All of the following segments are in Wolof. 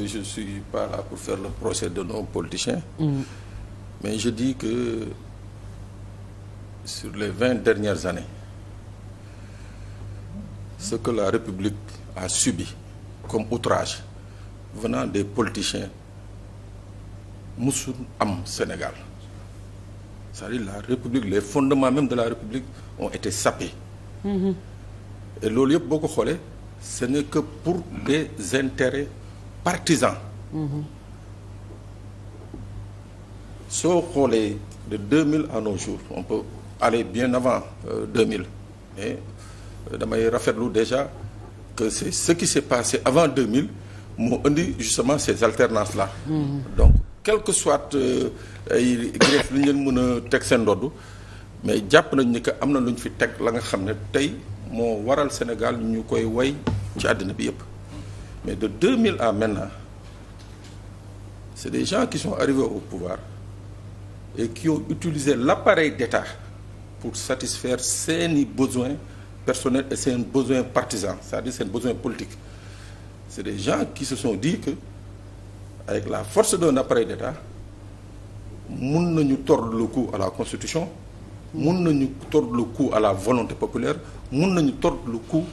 que je suis pas là pour faire le procès de nos politiciens. Mm. Mais je dis que sur les vingt dernières années, ce que la République a subi comme outrage venant des politiciens musul am Sénégal. C'est-à-dire la République les fondements même de la République ont été sapés. Mm-hmm. et loolu yëpp boo ko xoolee ce n'est que pour des intérêts partisan soo xoolee de 2000 à nos jours on peut aller bien avant euh, 2000 mais euh, damay rafetlu déjà que c'est ce qui s'est passé avant mille moo indi justement ces alternances là mm-hmm. donc quelque que soit euh, ay greffe li ñu leen mën a teg seen ndodd mais jàpp nañ ni que am na lu ñu fi teg la nga xam ne tey moo waral Sénégal ñu koy way ci àddina bi yëpp mais de 2000 à maintenant c'est des gens qui sont arrivés au pouvoir et qui ont utilisé l'appareil d'État pour satisfaire seeni besoins personnels et seen besoin partisan c'est-à-dire seen besoin politique c'est des gens qui se sont dit que avec la force d'un appareil d'État mun nañu tordre le cou à la constitution mun nañu tordre le cou à la volonté populaire mun nañu tordre le cou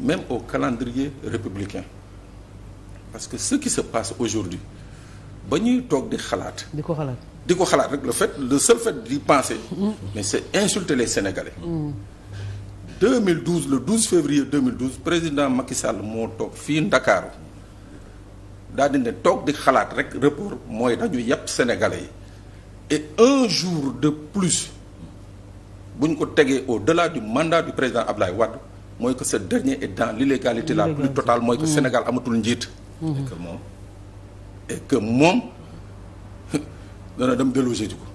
même au calendrier républicain parce que ce qui se passe aujourd'hui ba ñuy toog di xalaat. di ko xalaat di ko xalaat rek le fait le seul fait d'y penser. mais c'est insulter les Sénégalais. 2012 le 12 février 2012 président Macky Sall moo toog fii Ndakaaru daal di ne toog di xalaat rek report mooy dañu yàpp Sénégalais yi et un jour de plus bu ñu ko tegee au-delà du mandat du président Ablaye Wade mooy que ce dernier est dans l'illégalité la plus total mooy que mm. Sénégal amatul njiit. et mm-hmm. que moom et que moom dana dem délogé ji ko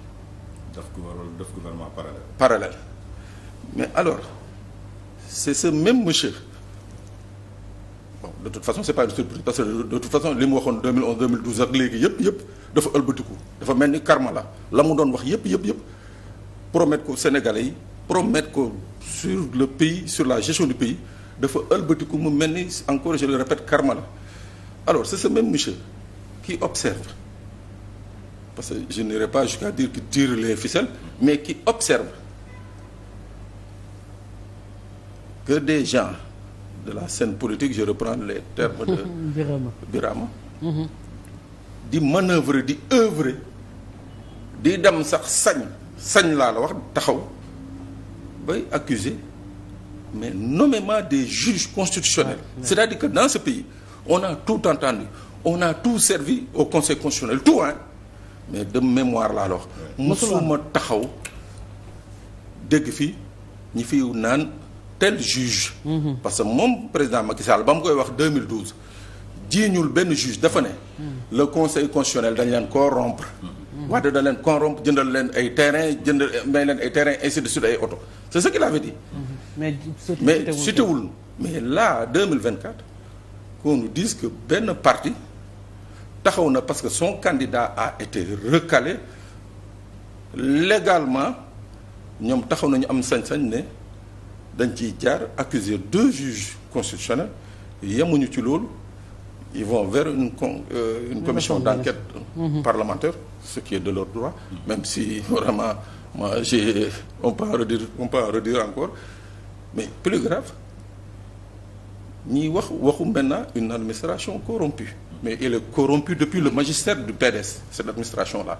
daf gouvernement parallèle parallèle mais alors c'est ce même monsieur bon de toute façon c'est pas une surprise parce que de toute façon li mu waxoon 2011 2012 ak léegi yëpp yëpp dafa ëlbatiku dafa mel ni karma la la mu doon wax yëpp yëpp yëpp promettre ko Sénégalais yi promettre ko sur le pays sur la gestion du pays dafa ëlbatiku mu mel ni encore je le répète karma la alors c'est ce même monsieur qui observe parce que je n'irai pas jusqu'à dire qu'il tire les ficelles mais qui observe que des gens de la scène politique je reprends les termes de Birama Birama mhm. di manœuvrer di œuvrer di dem sax sañ sañ laa la wax taxaw bay accuser mais nommément des juges constitutionnels c'est-à-dire que dans ce pays on a tout entendu on a tout servi au conseil constitutionnel tout hein mais de mémoire laa la wax taxaw dégg fii ñi fi naan tel juge mhm. parce que moom président Macky Sall ba mu koy wax 2012 jiiñul benn juge dafa ne mhm. le conseil constitutionnel dañ leen corrompre mhm. Wade da leen corrompre jëndal leen ay terrain jënd may leen ay terrain ainsi de suite ay oto c'est ce qu'il avait dit mais sutiwul mais là 2024 qu'on nous dise que benn parti taxaw na parce que son candidat a été recalé légalement ñoom taxaw nañu am sañ-sañ ne dañ ci jaar accuser deux juges constitutionnels yemuñu ci loolu ils vont vers une con euh, une commission d'enquête mhm. parlementaire ce qui est de leur droit même si vraiment moi j'ai on peut en redire on peut redire encore mais plus grave ñuy wax waxu maintenant une administration corrompue mais elle est corrompue depuis le magistère du PDS cette administration là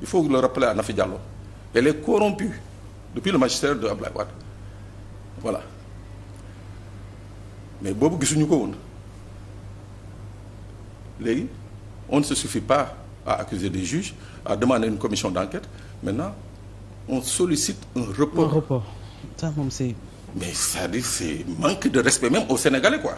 il faut le rappeler à Nafi Diallo elle est corrompue depuis le magistère de Abdoulaye Wade voilà mais boobu gisuñu ko woon léegi on ne se suffit pas à accuser des juges à demander une commission d'enquête maintenant on sollicite un report, un report. mais c'est-à-dire c'est manque de respect même aux Sénégalais quoi